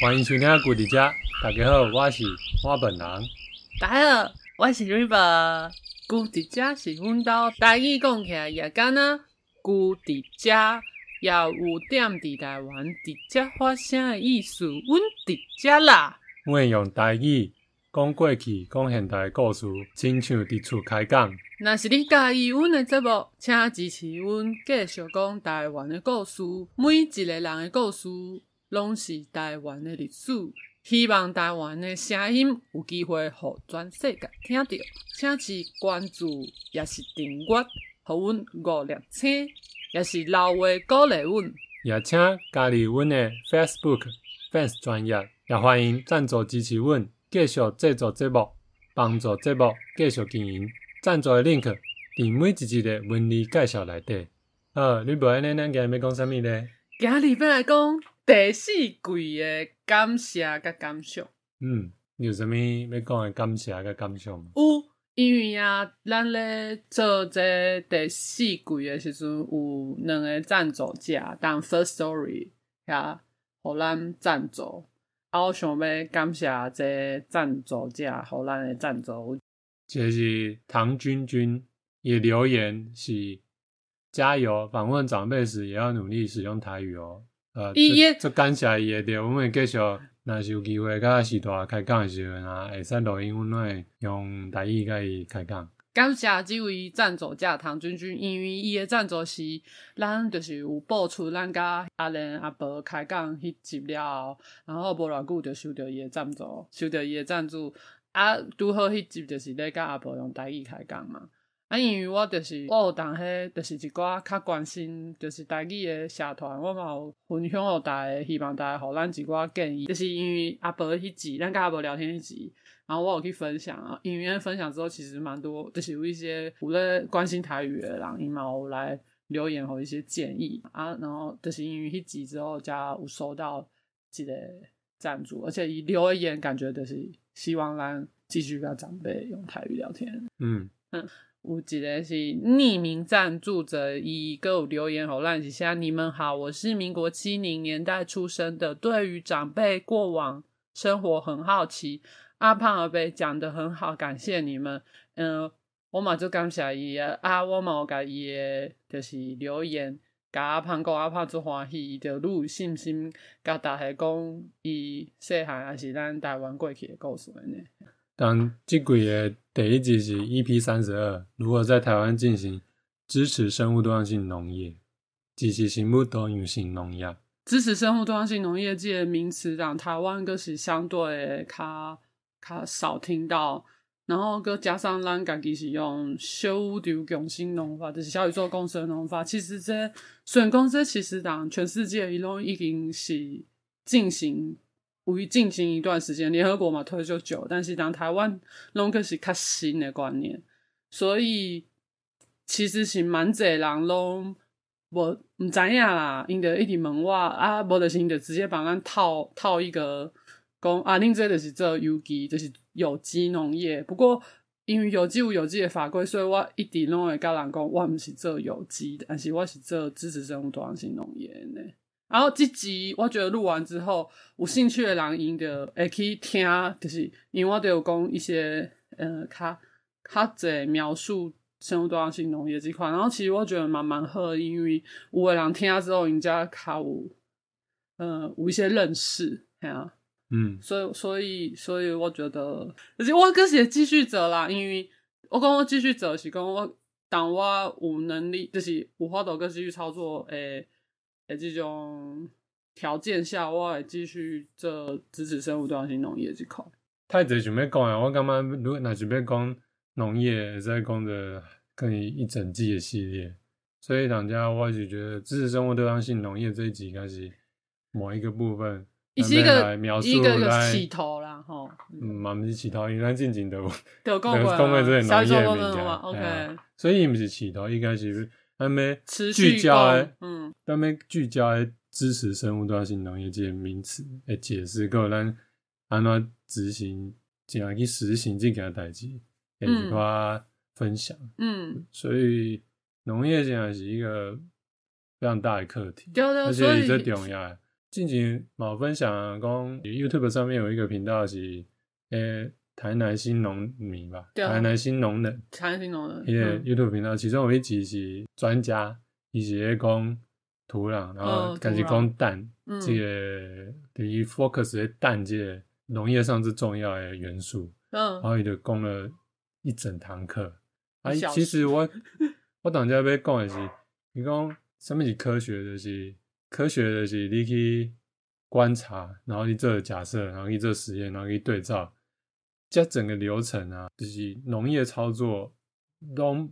歡迎收聽、啊《龜邸家》，大家好，我是花本人。大家好，我是瑞博。龜邸家是阮兜台語講起來也簡單，龜邸家也有點佇台灣迪只，發聲的意思。阮迪家啦，阮用台語講過去，講現代的故事，親像佇厝開講。若是你喜歡阮的節目，請支持阮繼續講台灣的故事，每一個人的故事。攏是台灣的歷史，希望台灣的聲音有機會互全世界聽到。請是關注，也是訂閱，互阮五兩千，也是留話鼓勵阮。也請加入阮的 Facebook fans 專頁，也歡迎贊助支持阮繼續制作節目，幫助節目繼續經營。贊助的 link 佇每一集的文字介紹內底。啊、哦，你本來咱今日要講啥物呢？今日要來講，第四季的感謝甲感想，嗯，有啥物要講的感謝跟感想？有，因為啊，咱咧做這第四季的時陣，有兩個贊助者，當 first story 呀，互咱贊助。我想要感謝這贊助者互咱的贊助，就是唐君君也留言是加油。訪問長輩時，也要努力使用台語哦。伊一，做、呃、他的 感謝伊的，阮們繼續，若是有機會大，噶時段開講誒時陣啊會使錄音，阮用台語甲伊開講。感謝即位贊助者，唐軍軍，因為伊誒贊助是，咱著是有播出，咱甲阿倫阿婆開講迄集了，然後無偌久就收到伊誒贊助，收到伊誒贊助，啊，拄好迄集著是咧甲阿婆用台語開講嘛。啊，因為我就是我有同系就是一個較關心，就是台語的社團，我嘛有分享哦，大家希望大家好，咱幾個建議，就是因為阿伯一集咱跟阿伯聊天一集，然後我有去分享啊。因為分享之後，其實蠻多，就是有一些，有咧關心台語的人，人伊嘛有來留言和一些建議啊。然後就是因為一集之後，才有收到這個贊助，而且伊留言感覺就是希望咱繼續跟長輩用台語聊天。嗯嗯。嗯有一個是匿名贊助者伊閣有留言互咱，是說你們好，我是民國七零年代出生的，對於長輩過往生活很好奇。阿胖阿伯講得很好，感謝你們。嗯，我嘛就感謝伊啊，我嘛有甲伊，著是留言，甲阿胖講阿胖足歡喜，著愈有信心，甲大家講伊細漢還是咱台灣過去誒故事安呢。當即季個第一集是 E P 三十二，如何在台灣進行支持生物多樣性農業？支持生物多樣性農業，支持生物多樣性農業，即名詞，當台灣個是相對的，較較少聽到，然後加上咱家己是用小宇宙共生農法，就是小宇宙共生農法。其實這，雖然講其實當全世界伊攏已經是進行。會進行一段時間，聯合國嘛推就久，但是當台灣攏個是較新的觀念，所以其實是蠻儕人攏無不，不知影啦。因着一直問我啊，無就，就直接幫咱套套一個講啊，恁這就是做有機，就是有機農業。不過因為有機無有機的法規，所以我一直攏會甲人講，我不是做有機，但是我是做支持生物多樣性農業的。然後這集我覺得錄完之後，有興趣的人應該會去聽，就是因為我都有講一些呃，卡卡在描述生物多樣性農業這塊。然後其實我覺得蠻蠻好，因為有的人聽了之後，人家卡有呃，有一些認識，哎呀、啊，嗯所，所以所以所以我覺得，就是我擱是繼續走啦，因為我講我繼續走，是講我當我有能力，就是有法度擱繼續操作誒。欸在這種條件下，我還繼續做支持生物多樣性農業這塊。太直接准講了，我剛剛如果那準備講農業，再講的更一整季的系列。所以大家，我一直覺得支持生物多樣性農業這一集，應該是某一個部分，一是一個描述，一,一個起頭了，吼來。嗯，蠻是起頭，應該靜靜的，說的，的各位在拿一些文章。所以，不是起頭，應該是。當袂聚焦的，嗯，當袂聚焦的支持生物多樣性農業這些名詞，誒，解釋過，咱按怎執行，怎樣去實行這件些代誌，誒，一塊分享，嗯，嗯，所以農業這是一個非常大的課題，嗯嗯、而且也特重要的。的以近我分享講、啊、，YouTube 上面有一個頻道是誒。欸台南新農民吧，啊、台南新農的。台南新農的。因個 YouTube 頻道，嗯、其中有一集是專家，伊是咧講土壤，哦、然後開始講氮，即、嗯、個等於 focus 的氮，即個農業上最重要的元素。嗯、然後伊就講了一整堂課。啊，其實我我當家被講的是， 你講什麼是科學，就是科學就是你去觀察，然後你做假設，然後你做實驗，然後你對照。這整個流程啊，就是農業操作，都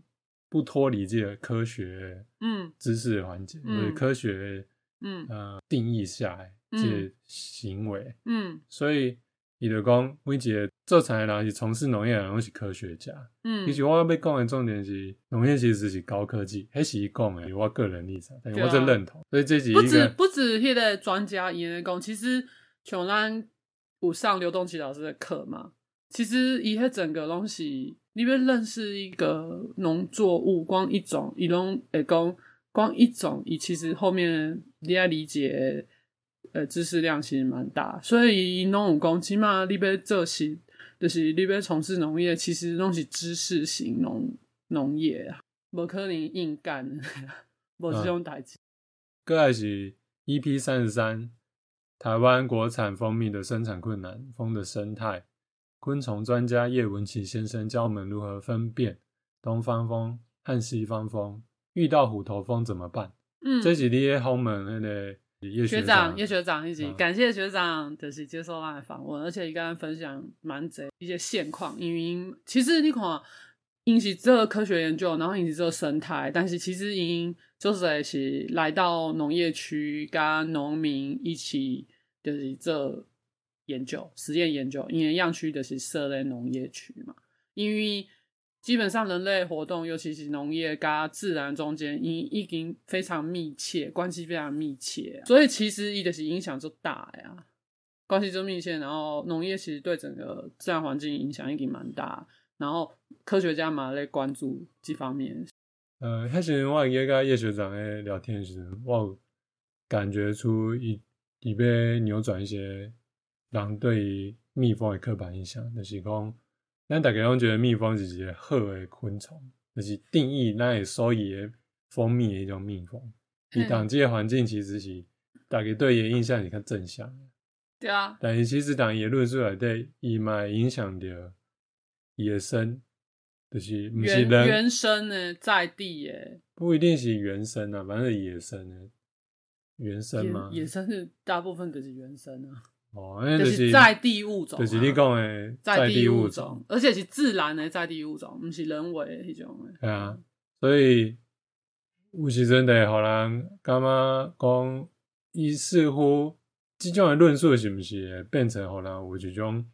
不脫離這個科、嗯、科學，嗯，知識環節或者科學，嗯，呃，定義下來這行為，嗯，所以你、嗯、的工，我覺做產業然後是從事農業然攏是科學家，嗯，其實我要被講的重點是農業其實是高科技，還是講誒，有我個人立場，但是吧我真認同，所以這集不止不止現在專家也能講，其實像咱補上劉東奇老師的課嘛。其實，一些整個東西，你別認識一個農作物，光一種，你農誒工，光一種，以其實後面你要理解，呃，知識量其實蠻大。所以，農工起碼你別做些，就是你別從事農業，其實都是知識型農農業啊，不可能硬幹，不是用打擊。個、啊、是 EP 三十三，台灣國產蜂蜜的生產困難，蜂的生態。昆蟲專家葉文琪先生教我們如何分辨東方蜂和西方蜂。遇到虎頭蜂怎麼辦？嗯，這是你的好門的，那個學長，葉學長，以及、嗯、感謝學長，就是接受他的訪問，嗯、而且一個人分享蠻多一些現況，因為其實那款引起這個科學研究，然後引起這個生態，但是其實因就是在是來到農業區，跟農民一起就是這。研究實驗研究，因為樣區的是設在農業區嘛。因為基本上人類活動，尤其是農業跟自然中間，因已經非常密切，關係非常密切、啊。所以其實一個是影響就大呀、啊，關係就密切。然後農業其實對整個自然環境影響已經蠻大。然後科學家嘛在關注這方面。呃，開始我跟葉學長在聊天時，我感覺出已已被扭轉一些。人對於蜜蜂的刻板印象，就是講，咱大家都覺得蜜蜂是一個好的昆蟲，就是定義那也所以的蜂蜜的一種蜜蜂。你當界環境其實是，大家對伊的印象你看正向的，對啊，但其實當伊論述來對，伊買影響着野生，就是不是原、原生呢、欸，在地耶、欸，不一定是原生啊，反正是野生的、欸。原生嗎？野生是大部分都是原生啊。哦，那，就是、就是在地物種、啊，就是你講的在地、啊、在地物種，而且是自然的在地物種，不是人為的那種的。對啊，所以，有時候就會讓人覺得說，伊似乎即種的論述是不是變成讓人有一種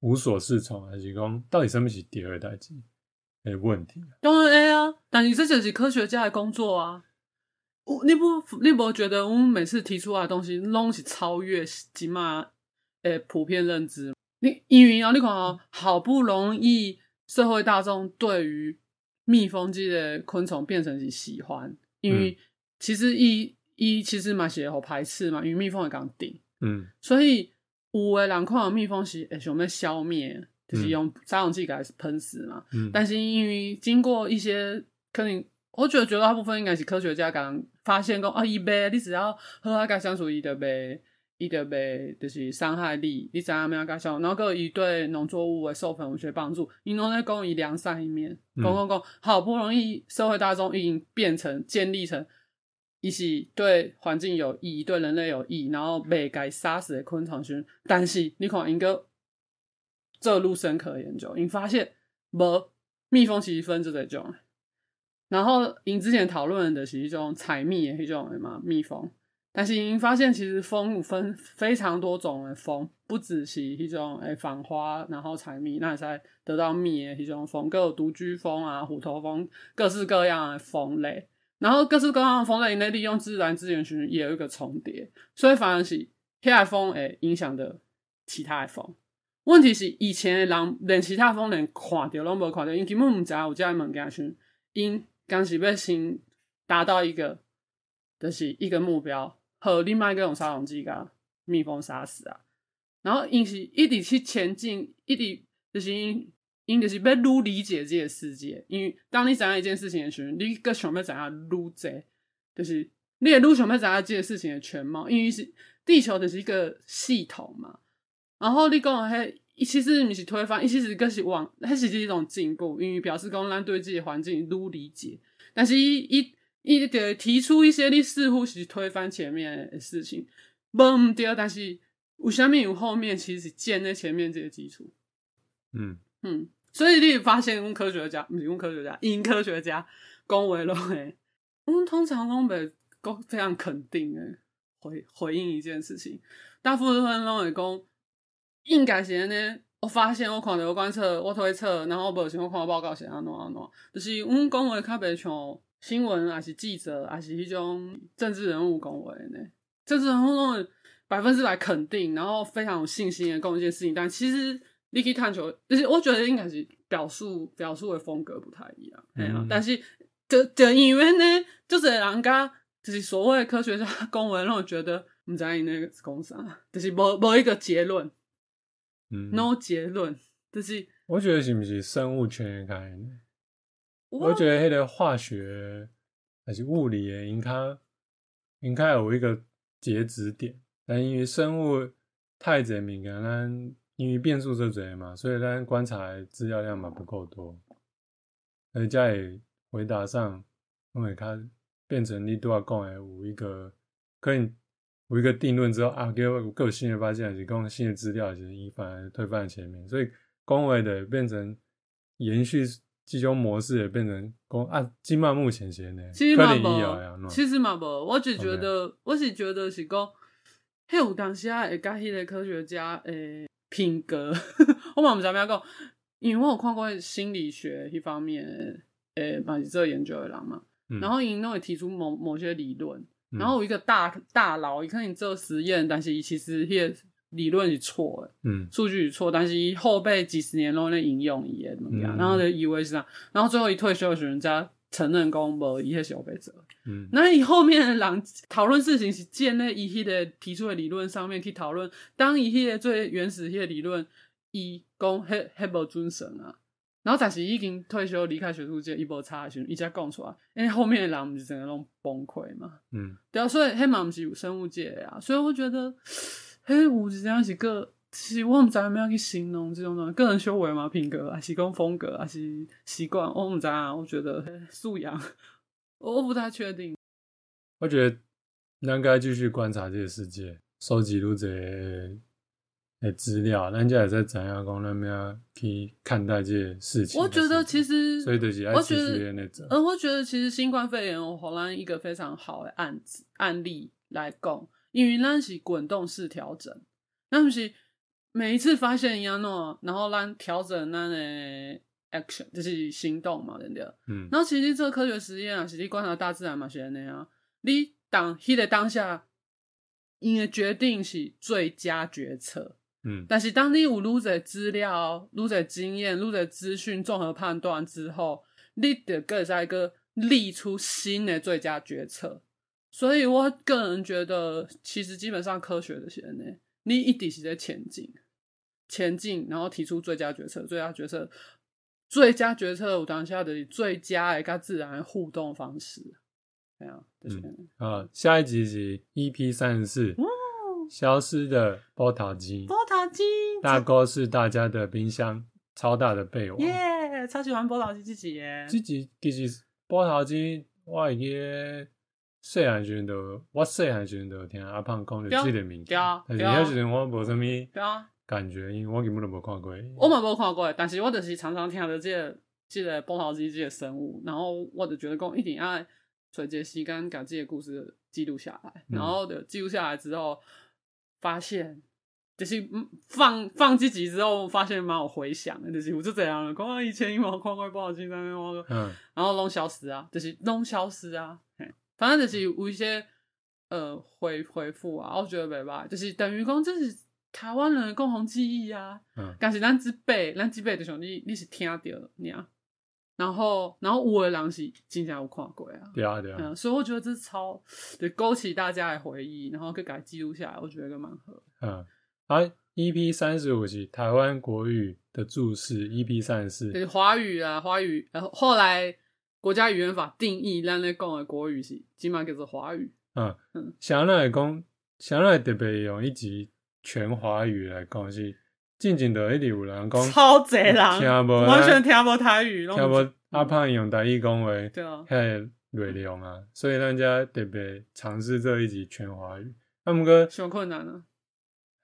無所適從，還是講到底什麼是第二代機的問題？當然會啊，但是這就是科學家的工作啊。你不你不覺得我們每次提出來的東西，都是超越起碼普遍認知？你因為然後，你看啊，嗯、好不容易社會大眾對於蜜蜂這的昆蟲變成是喜歡，因為其實一一、嗯、其實蠻是好排斥嘛，因為蜜蜂會講叮，嗯，所以有的人看到蜜蜂是想要消滅，就是用殺蟲劑給它噴死嘛。嗯、但是因為經過一些可能。我覺得絕大部分應該是科學家剛發現講啊，伊袂，你只要和伊共相處伊就袂，伊就袂，就是傷害你，你怎啊咪要共相處？然後佮伊對農作物誒授粉有幫助，伊攏咧講伊良善一面，講講講，好不容易社會大眾已經變成建立成，伊是對環境有益，對人類有益，然後被該殺死誒昆蟲群，但是你看伊個這路深刻的研究，伊發現，無蜜蜂其實分就這種。然後，瑩之前討論的是實一種採蜜，一種什麼蜜蜂。但是瑩發現，其實蜂分非常多種的蜂，不只是一種誒訪花，然後採蜜，那才得到蜜的一種蜂，各有獨居蜂啊、虎頭蜂，各式各樣的蜂類。然後各式各樣的蜂類，因為利用自然資源時也有一個重疊，所以反而是那的蜂影影其他蜂誒影響的其他蜂。問題是，以前的人連其他蜂連看到攏無看到，不這因根本唔知，我家門家村因。剛是要先達到一個，就是一個目標，和另外一個用殺蟲劑把蜜蜂殺死啊。然後因是一直去前進，一直就是因，因就是要努力理解這個世界。因為當你知道一件事情的時候，你更想要怎樣如何，就是你也如想要怎樣這件事情的全貌。因為是地球就是一個系統嘛。然後你講的那。其實你是推翻，其實更是往，它是一種進步，因為表示說我們對自己的環境越理解。但是一一個提出一些你似乎是推翻前面的事情，不對，但是有什麼有後面，其實是建在前面這個基礎。嗯嗯，所以你發現我們科學家，不是用科學家，因科學家恭維了哎，我們通常恭維，恭非常肯定的回回，回應一件事情，大部分認為恭。應該是呢，我發現我看到我觀測，我推測，然後目前我看個報告是安怎安怎樣，就是我們公文特別像新聞，還是記者，還是一種政治人物公文呢、欸？政治人物百分之百肯定，然後非常有信心的講一件事情，但其實你去探究，就是我覺得應該是表述表述的風格不太一樣，嗯、但是、嗯、就就因為呢，就是人家就是所謂科學家公文讓我覺得不知在那個講啥，就是無無一個結論。嗯、No 結論，就是我覺得是不是生物圈也開呢？Oh? 我覺得迄個化學還是物理也應該應該有一個截止點，但因為生物太窄麼感，咱因為變數太樣嘛，所以咱觀察資料量嘛不夠多，而在回答上，因為它變成你都要講的有一個可以我一個定論之後啊，給個新的發現，提供新的資料，其實已反而推翻前面，所以公維的變成延續這種模式，也變成公啊。金曼目前先呢，其實嘛不，有其實嘛不，我只覺得，Okay. 我只覺得是講，還有當時啊，一家黑的科學家誒、欸、品格。 我嘛不知道怎麼樣講，因為我有看過心理學一方面誒，把、欸、做研究的人嘛，嗯、然後因都會提出某某些理論。然後有一個大大佬一看你做實驗，但是其實他的理論是錯的，嗯，數據是錯，但是後輩幾十年都在引用一夜怎麼樣？嗯，然後就以為是這樣，然後最後一退休的時候人家承認公布一些消費者，嗯，那你後面的人討論事情是建立一些的提出的理論上面去討論，當一些最原始的理論一公黑黑不尊神啊。然後但是他已經退休，離開學術界一波差的時候，一直在講出來，因為後面的人不是整個攏崩潰嘛。嗯，對啊，所以嘿，嘛不是有生物界的啊，所以我覺得嘿、欸，是這樣是個，是我不知道怎麼樣去形容這種東西，個人修為嗎、品格，還是說風格還是啊、習慣風格啊、是習慣，我不知道我覺得、欸、素養，我不太確定。我覺得應該繼續觀察這個世界，收集多些。資料，人家也在怎樣講，那可以咱看待這些事情、事情。我覺得其實，所以我覺得那我覺得其實新冠肺炎，我後來一個非常好的案子案例來講，因為那是滾動式調整，那不是每一次發現一樣諾，然後咱調整咱的 action，就是行動嘛，對不對？嗯，然後其實這個科學實驗啊，實際觀察大自然嘛，是那樣啊，你當他的當下，你的決定是最佳決策。嗯，但是當你有 loser 資料、loser 經驗、loser 資訊，綜合判斷之後，你得更在一個立出新的最佳決策。所以我個人覺得，其實基本上科學的些呢，你一定是在前進，前進，然後提出最佳決策、最佳決策、最佳決策。我當下的最佳一個自然互動方式，這啊、嗯，好，下一集是 EP 三十四。消失的波濤雞，波濤雞大哥是大家的冰箱，超大的被窩，耶，yeah, 超喜歡波濤雞自己耶，自己自己波濤雞，我一個細漢時陣，我細漢時陣聽阿胖講的、啊、自己的名字，對啊、但是細漢時陣我無什麼感覺，對啊、因為我根本都無看過，我們無看過，但是我就是常常聽到這個、這個波濤雞這個生物，然後我就覺得講一定要在這個時間把這些故事記錄下來，然後的記錄下來之後。嗯。發現就是放放幾集之後，發現蠻有回響的，就是我就這樣了，剛剛以前一毛礦塊不好進，在那邊挖嗯，然後攏消失啊，就是攏消失啊，反正就是有一些、嗯、呃回回覆啊，我覺得沒吧，就是等於講就是台灣人的共同記憶啊。嗯，但是咱幾輩，咱幾輩就想你，你是聽到了，你、嗯、啊。然後，然後烏的狼是經常有看過呀、啊。對啊，對啊、嗯，所以我覺得這是超，對勾起大家的回憶，然後可以給記錄下來，我覺得蠻好。嗯，啊，EP 三十五集台灣國語的注釋，EP 三十四，華語啊，華語。然、呃、後後來國家語言法定義，咱來講的國語是，這馬叫做華語。嗯，嗯想來講，想來特別用一集全華語來講是。靜靜的，一直有人。講超多人，聽無，完全聽無台語。聽無阿胖用台語講話，迄個內容啊！所以咱家特別嘗試做這一集全華語。啊毋過上困難啊！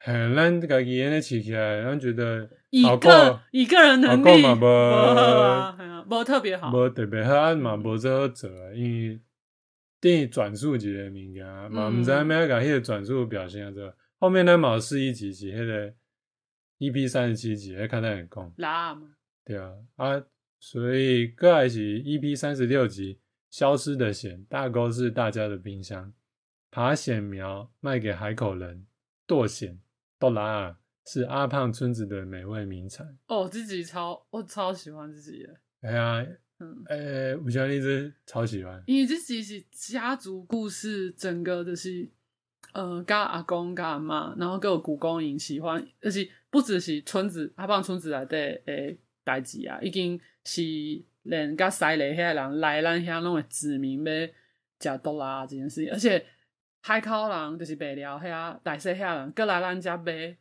嚇咱家己演的起起來，咱覺得一個一個人能力無無特別好。無特別好，嘛無做好做啊，因為等於轉述一個物件嘛，毋知影有甲迄個轉述表現啊，這後面那毛事一集是迄個。E.P. 三十七集還看得很空，拉嘛？對啊，啊，所以個是 E.P. 三十六集消失的險，大溝是大家的冰箱，爬險苗賣給海口人，剁險多拉爾、啊、是阿胖村子的美味名產。哦，這集超我超喜歡這集的，哎呀、啊，嗯，誒、欸，吳佳麗真超喜歡，因為這集是家族故事，整個的、就是。嗯，加阿公加阿嬤，然後佫有舅公因喜歡，著是不只是村子，阿胖村子內底誒代志啊，已經是連加西里遐人來咱遐攏會指名要，食桌啦即件事，而且海口人著是袂了遐、那個，大細遐人佫來咱遮買迄、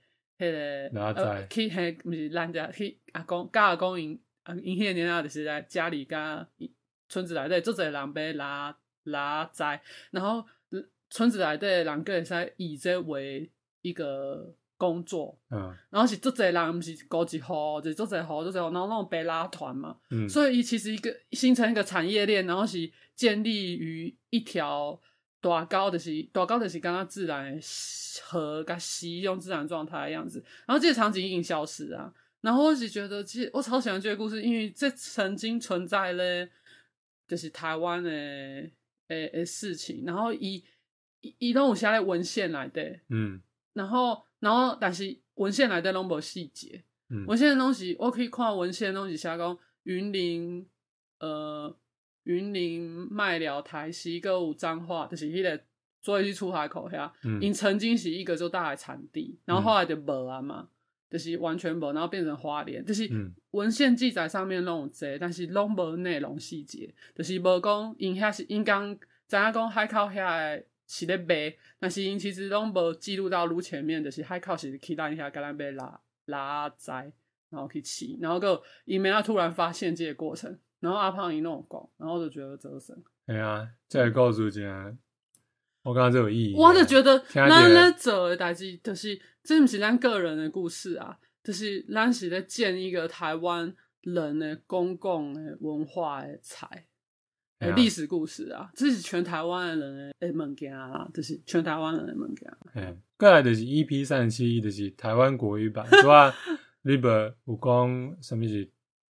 那個哪去迄毋是咱遮去阿公加阿公因，因迄個年啊，著是來家裡加村子內底足濟人買拉拉災，然後。村子內底人，佮會使以這為一個工作，嗯，然後是足儕人，唔是高級戶，就是足儕戶，足儕戶，然後那種被拉團嘛，嗯，所以伊其實一個形成一個產業鏈，然後是建立於一條大高，就是大高，就是剛剛自然河佮溪用自然狀態的樣子，然後這個場景已經消失啊，然後我是覺得，其實我超喜歡這個故事，因為這曾經存在嘞，就是台灣嘞，誒誒事情，然後伊。伊攏有寫咧文獻內底，嗯然，然後然後但是文獻內底攏無細節，嗯、文獻的東西我可以看文獻的東西，寫講雲林呃雲林麥寮台是一個有彰化，就是迄個最早出海口遐，因、嗯、曾經是一個做大產地，然後後來就無啊嘛，嗯、就是完全無，然後變成花蓮，就是文獻記載上面攏有遮，但是攏無內容細節，就是無講因遐是因講怎啊講海口遐的。騎得白，但是因其實攏無記錄到路前面著、就是海口。是實期待一下跟們，剛剛被拉拉仔，然後去騎，然後擱，伊沒，他突然發現這個過程，然後阿胖伊弄講，然後就覺得折神。對啊，再來告訴大家，我剛剛就有意義。我就覺得，咱咧做代志，就是真毋是咱個人的故事啊，就是咱是在建一個台灣人的公共的文化的財。歷、啊、史故事啊，這是全台灣人誒物件啊，這是全台灣人的物件、啊。誒，過來就是 EP 三十七，就是台灣國語版，是吧？裡邊有光什麼是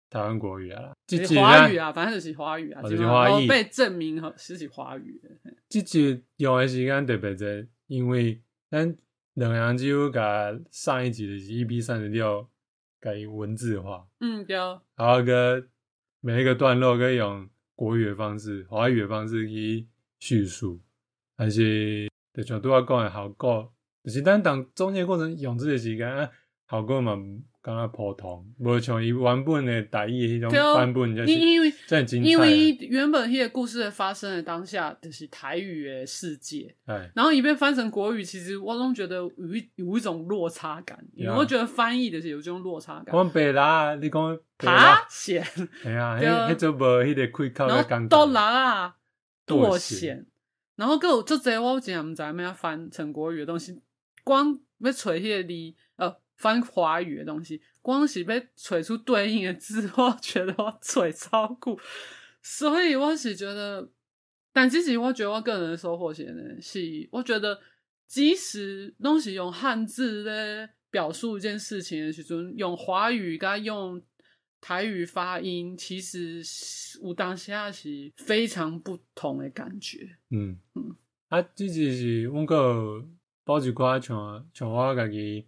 台灣國語啦、啊，欸、這是華語啊，反正就是華語啊，這是華語被證明是是華語。這集用的時間特別的，因為咱兩個人就給上一集的 EP 三十六給文字化，嗯，對。然後跟每一個段落跟用。國語的方式、華語的方式去敘述，但是在全部要講好講，但、就是當中間過程用這些時間啊，效果嘛。剛剛破湯，無像伊原本誒台語迄種版本，就是真精彩、哦、因為因為原本迄個故事發生的當下，就是台語誒世界。哎、然後一被翻成國語，其實我總覺得有一有一種落差感。有沒、啊嗯、我覺得翻譯的是有這種落差感？講白，白後啦，你講爬險，賢然後佫有即遮我真係唔知安怎要翻成國語的東西，光要揣迄個字。翻華語的東西，光是被錘出對應的字，我覺得我錘超酷。所以我是覺得，但其實我覺得我個人的收穫些呢，是我覺得，即使東西用漢字咧表述一件事情的時候，的其實用華語跟用台語發音，其實有當時啊是非常不同的感覺。嗯嗯，嗯啊，這就是我個包句話，像像我家己。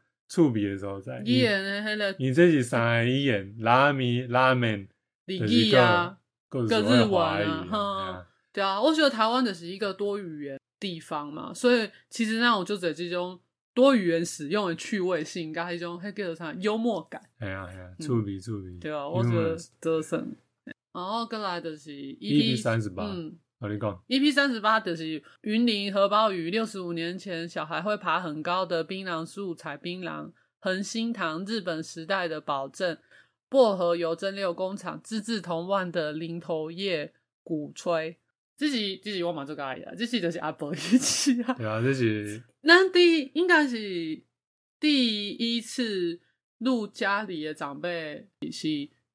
觸筆的時候在，你這是啥語言？拉米拉面，這是個各自玩啊，哈，對啊，我覺得台灣就是一個多語言地方嘛，所以其實那我就在這種多語言使用的趣味性，跟一種很 get 上幽默感，哎呀哎呀，觸筆觸筆，對啊，我覺得得勝，然後跟來就是一比三十八。我跟你講，e p 三十八就是雲林荷包魚，六十五年前小孩會爬很高的檳榔樹採檳榔，恆心堂。日本時代的保證，薄荷油蒸餾工廠，資治同萬的零頭葉鼓吹，這幾這幾我蠻中意的，這幾就是阿婆一起啊。對啊是，那第應該是第一次錄家裡的長輩，是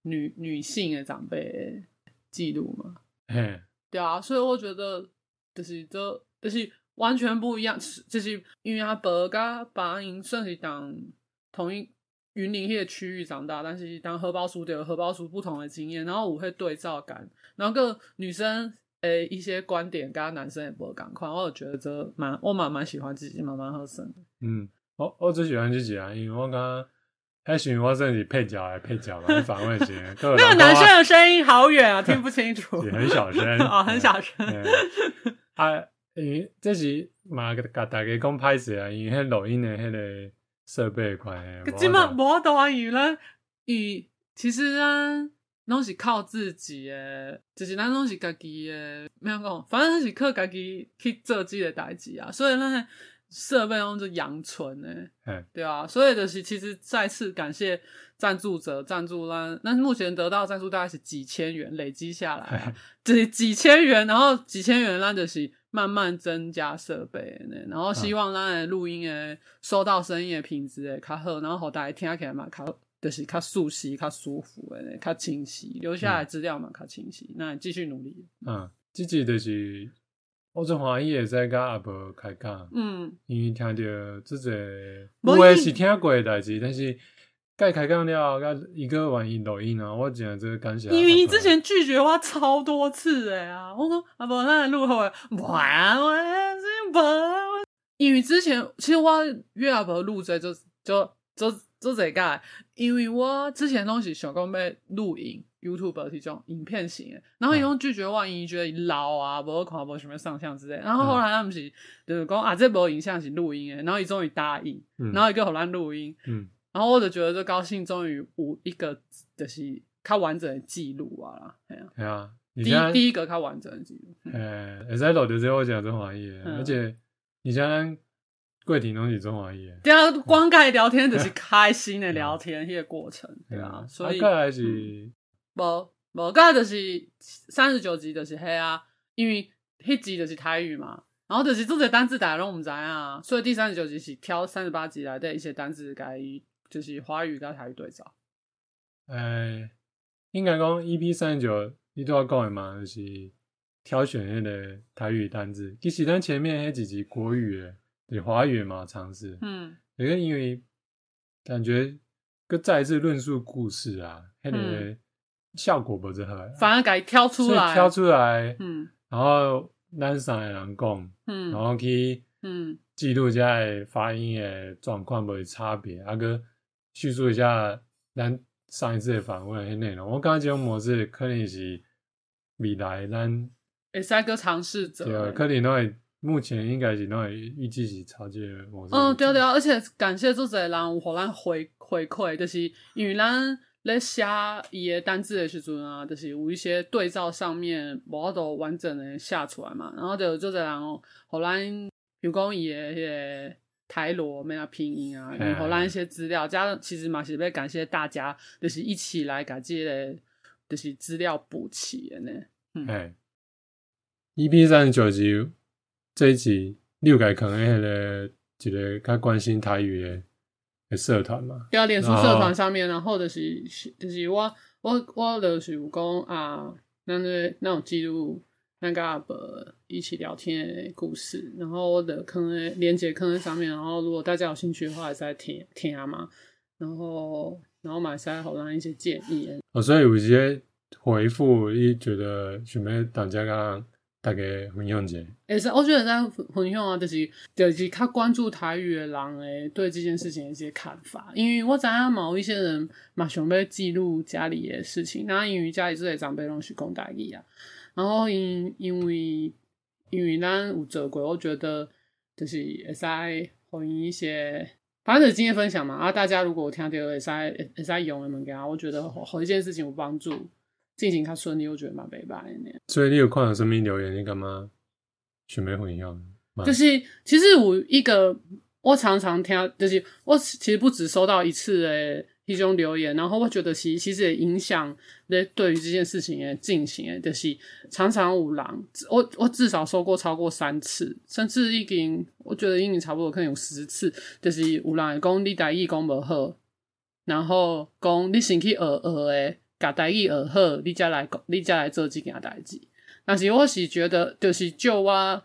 女女性的長輩的記錄嘛？嘿。對啊，所以我覺得就是這，就是完全不一樣，就是因為阿伯跟阿爸算是當同一雲林那個區域長大，但是當荷包薯條、荷包薯不同的經驗，然後我會對照感，然後跟女生誒一些觀點，跟男生也不會感款，我覺得這蠻我蠻蠻喜歡自己蠻蠻合身。嗯，我、哦、我最喜歡自己啊，因為我剛。還尋我這裡配角來配角嘛？反問型。那個男生的聲音好遠啊，聽不清楚。也 很小聲啊、 哦，很小聲 啊，因為這是嘛，跟大家講拍攝啊，因為錄音的迄個設備的關係。今日無大魚啦，魚其實啊，攏是靠自己誒，就是咱攏是家己誒。沒有講，反正就是靠家己去做自己的代志啊，所以呢。設備用就陽春誒，嘿對啊，所以就是其實再次感謝贊助者贊助啦。但是目前得到贊助大概是幾千元，累積下來嘿幾幾千元，然後幾千元讓就是慢慢增加設備，然後希望讓錄音誒、嗯、收到聲音的品質誒較好，然後好大家聽起來嘛，較就是較舒適、較舒服誒，較清晰，留下來資料嘛較清晰。嗯、那繼續努力，嗯，積極就是。我最歡喜會使跟阿婆開講，嗯，因為聽到直接，我也是聽過代誌，嗯、但是該你開講了，一個玩錄音啊，我竟然這個感謝。因為你之前拒絕我超多次誒、欸、啊，我說阿婆那錄好，啊，啊，啊。我因為之前其實我約阿婆錄這，就就就這一個，因為我之前都是想講要錄影。YouTube 是種影片型的，然後也用拒絕，萬一覺得你老啊，不好看，不好什麼上相之類。然後後來他們是就是說啊，這沒有影像是錄音的，然後也終於答應，然後一個好難錄音，嗯，然後我就覺得就高興，終於有一個就是比較完整的記錄啊了，對啊，對啊，第第一個比較完整的記錄，誒，而且老的之後講中華語，而且你像龜邸家是中華語，對啊，光蓋聊天只是開心的聊天，這個過程對啊，所以。無無，剛才就是三十九集就是遐啊，因為迄集就是台語嘛，然後就是做些單詞大家都唔知道啊，所以第三十九集是挑三十八集來的一些單詞改，就是華語跟台語對照。誒、呃，應該講 E P 三十九，你都要講的嘛，就是挑選那個台語單詞，其實咱前面迄幾集國語誒，就是華語嘛嘗試，嗯，因為因為感覺擱再次論述故事啊，迄、那個。嗯效果不是好，反而改挑出來，挑出來，嗯，然後咱上兩個人講，嗯，然後去，嗯，記錄一下發音的狀況不會差別。嗯、啊，哥敘述一下咱上一次誒訪問的內容。我感覺這種模式可能是未來咱誒，三個嘗試者，以對，可能那為目前應該是那為預計是超級的模式。嗯，對，對對，而且感謝作者的人有互咱回回饋，就是因為咱。咧寫伊誒單詞誒時陣啊，著、就是有一些對照上面無法度完整誒寫出來嘛，然後著就做在然後後來提供伊誒迄個台羅咩啊拼音啊，互咱一些資料，加上其實嘛是欲感謝大家，著是一起來感謝的，著是資料補齊的呢。哎，EP 三十九集這一集六百可能係咧一個較關心台語誒。欸、社團嘛，對啊，臉書社團上面，然後或者、就是就是我我我就是有講啊，那個那種記錄那個一起聊天的故事，然後我的坑的連接坑上面，然後如果大家有興趣的話，再聽聽、啊、嘛，然後然後馬賽好讓一些建議。哦，所以有些回復，一覺得準備大家剛。大家分享一下，會使我覺得會使分享啊，就是就是較關注台語的人誒對這件事情的一些看法，因為我知影某一些人嘛想要記錄家裡的事情，那因為家裡這些長輩攏是講台語啊，然後因為因為因為咱有做過，我覺得就是會使歡迎一些反正就經驗分享嘛，啊大家如果聽到會使會使用的物件，我覺得好好一件事情有幫助。進行他說你我覺得蠻悲哀的。所以你有看到身邊留言，你幹嘛全部護一樣？就是其實我一個，我常常聽，就是我其實不只收到一次誒，一種留言。然後我覺得其其實也影響對對於這件事情誒進行的。就是常常有人，我我至少收過超過三次，甚至已經我覺得已經差不多可能有十次，就是有人講你台語講無好，然後講你先去學學誒。搞代志而好，你才來搞，你才來做即件代志。但是我是覺得，就是照我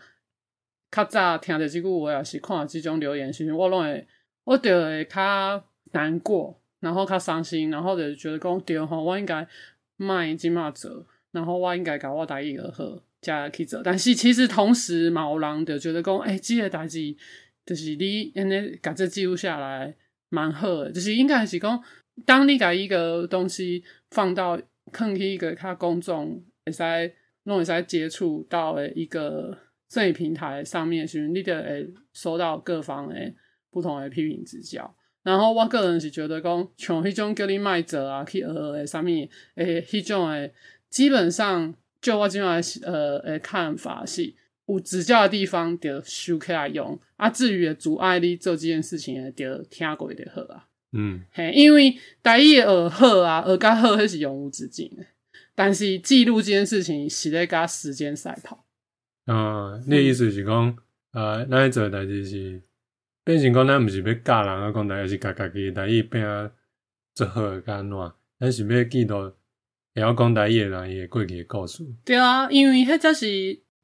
較早聽着即句話，也是看即種留言，其實我攏會，我就會較難過，然後較傷心，然後就覺得講，對吼，我應該賣即嘛做，然後我應該搞我代志而好，才去做。但是其實同時，嘛，有人就覺得講，哎、欸，即、這個代志就是你安尼，把這記錄下來，蠻好，誒，就是應該是講。當你把一個東西放到看能一個他公眾是在弄，是在接觸到一個生意平台上面，是你就會收到各方的不同的批評指教。然後我個人是覺得講，像迄種叫你莫做啊，去學學的上面，誒、欸，迄種誒，基本上就我基本是呃誒看法是，有指教的地方就收起來用，啊，至於阻礙你做這件事情的，就聽過就好啊。嗯，嘿，因為台語誒學好啊，學較好迄是永無止境誒，但是記錄即件事情是咧甲時間賽跑。啊、嗯，嗯、你意思是講，啊咱一做代志是變成講，咱毋是要教人啊，講，而是教家己得得。大一拼啊，做好干吶，咱是要記得會曉講台語的那過去誒故事。對啊，因為迄就是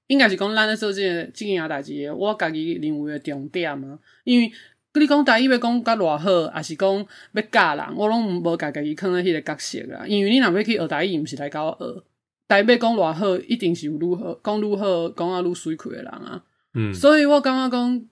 應該是講咱咧做即、這個即件代志，誒、這個，我家己認為誒重點啊，因為。佮你講，台語要講教偌好，也是講要教人，我攏無家家己囥誒迄個角色啊，因為你若要去學台語，毋是來教我學。台語要講偌好，一定是有愈好講愈好講啊，愈水虧誒人啊。嗯、所以我感覺講，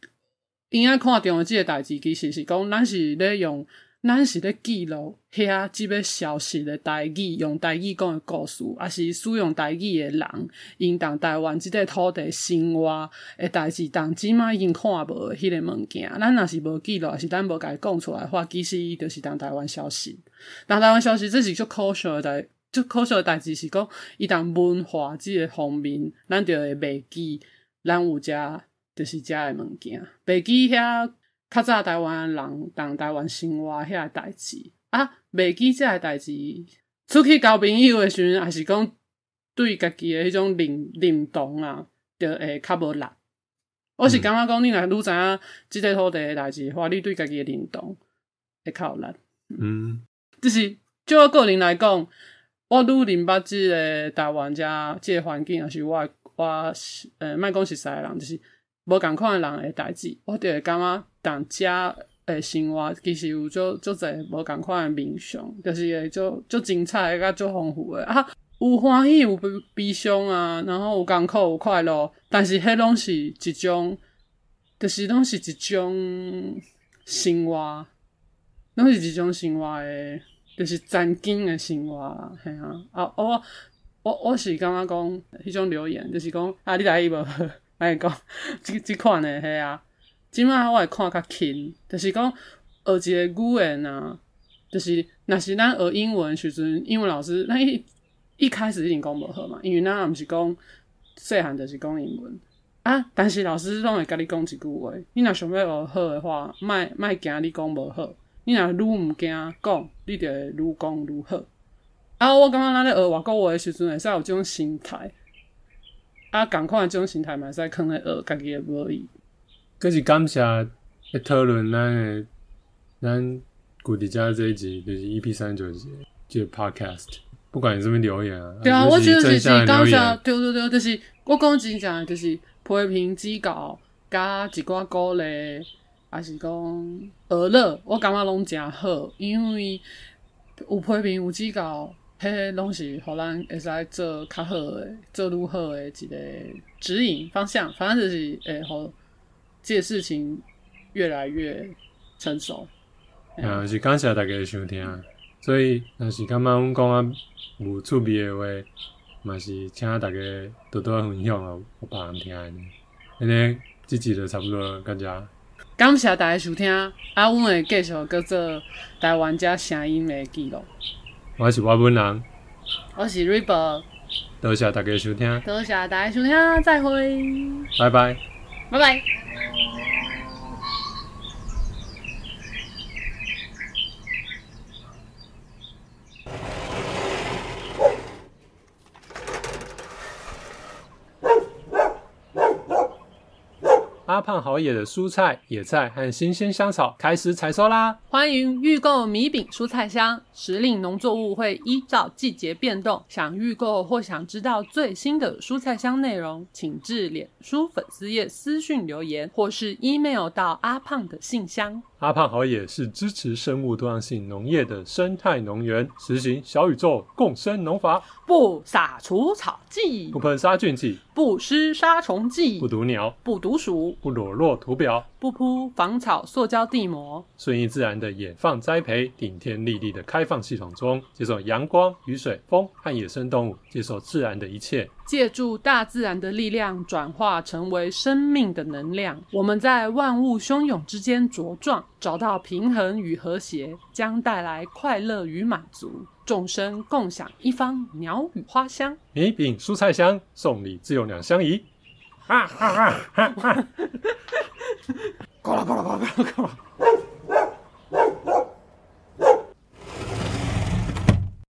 因愛看重誒即個代志，其實是講咱是咧用。咱是咧記錄，遐即筆消息誒代志，用代志講誒故事，也是使用代志誒人，因當台灣即塊土地生活誒代志，當即嘛已經看無迄個物件。咱若是無記錄，也是咱無甲伊講出來話，其實伊着是當台灣消息。當台灣消息，這是足科學誒代，足科學誒代志是講，伊當文化即、這個方面，咱着會袂記，咱有遮着、就是遮誒物件，袂記遐。較早台灣人當台灣生活遐代志啊，未記遮代志，出去交朋友誒時陣，還是講對家己的迄種認認同啊，就會較無力。嗯、我是感覺講，你若知影即個土地誒代志，話你對家己的認同會較有力。嗯，嗯是就是照我個人來講，我愈認捌即個台灣遮即個環境也是我，我是誒賣講實在的人，就是無共款誒人誒代志，我就會感覺。當家誒生活，其實有做做儕無共款誒面相，就是會做做精彩，也做豐富誒啊！有歡喜，有悲悲傷啊，然後有甘苦，有快樂，但是迄攏是一種，就是攏是一種生活，攏是一種生活誒，就是曾經誒生活啦，啊，係啊啊！我我我是感覺講迄種留言，就是講啊，你來伊無？安尼講即即款誒，係啊。今嘛我會看較輕，就是講學一個語文啊，就是若是咱學英文時陣，英文老師咱一一開始已經講無好嘛，因為咱也毋是講細漢就是講英文啊，但是老師攏會甲你講一句話，你若想要學好的話，莫莫驚你講無好，你若愈毋驚講，你會愈講愈好。啊，我感覺咱咧學外國話的時陣，會使有這種心態，啊，共款的這種心態，嘛，會使囥咧學家己的母語。閣是感謝誒討論咱誒咱龜邸遮這一集，就是 EP 三十九集，就、這個、Podcast。不管你啥物留言啊，對啊，我就是是感謝，對對對，就是我講真正就是批評指教加一寡鼓勵，還是講娛樂，我感覺攏誠好，因為有批評有指教，迄個攏是互咱會使做較好誒，做愈好誒一個指引方向，反正就是會互。這事情越來越成熟，啊、嗯，嗯、是感謝大家的收聽。所以，若是感覺我講的無趣味的話，嘛是請大家多多分享啊，有別人聽的。今、嗯、天這集就差不多了，感謝感謝大家收聽啊！阮的繼續叫做台灣遮聲音的記錄。我是我本人，我是 Ripper，多謝大家收聽，多謝，謝大家收聽，再會。拜拜，拜拜。阿胖好野的蔬菜、野菜和新鮮香草開始採收啦！歡迎預購米餅蔬菜箱。時令農作物會依照季節變動，想預購或想知道最新的蔬菜箱內容，請至臉書粉絲頁私訊留言，或是 email 到阿胖的信箱。阿胖好野是支持生物多樣性農業的生態農園，實行小宇宙共生農法，不撒除草劑，不噴殺菌劑，不施殺蟲劑，不毒鳥，不毒鼠。不裸露土表，不鋪防草塑膠地膜，順應自然的野放栽培，頂天立地的開放系統中，接受陽光、雨水、風和野生動物，接受自然的一切，借助大自然的力量轉化成為生命的能量。我們在萬物洶湧之間茁壯，找到平衡與和諧，將帶來快樂與滿足。眾生共享一方鳥語花香，米餅蔬菜香，送禮自用，兩相宜。啊啊啊啊！夠了夠了夠了夠了！